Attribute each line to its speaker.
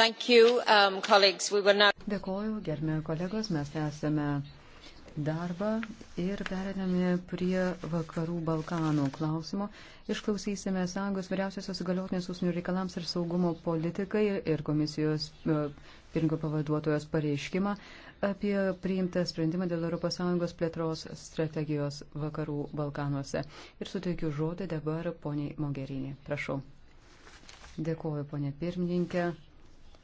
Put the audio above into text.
Speaker 1: Um, not...
Speaker 2: Dėkoju, gerbė kolegos, mes esame darbą ir perėdami prie vakarų Balkanų klausimo. Išklausysime Sąjungos vyriausiosios įgaliotinės užsienio reikalams ir saugumo politikai ir komisijos e, pirmininko pavaduotojos pareiškimą apie priimtą sprendimą dėl ES plėtros strategijos vakarų Balkanuose. Ir suteikiu žodį dabar poniai Mogerinį. Prašau. Dėkuoju, ponė pirmininkė.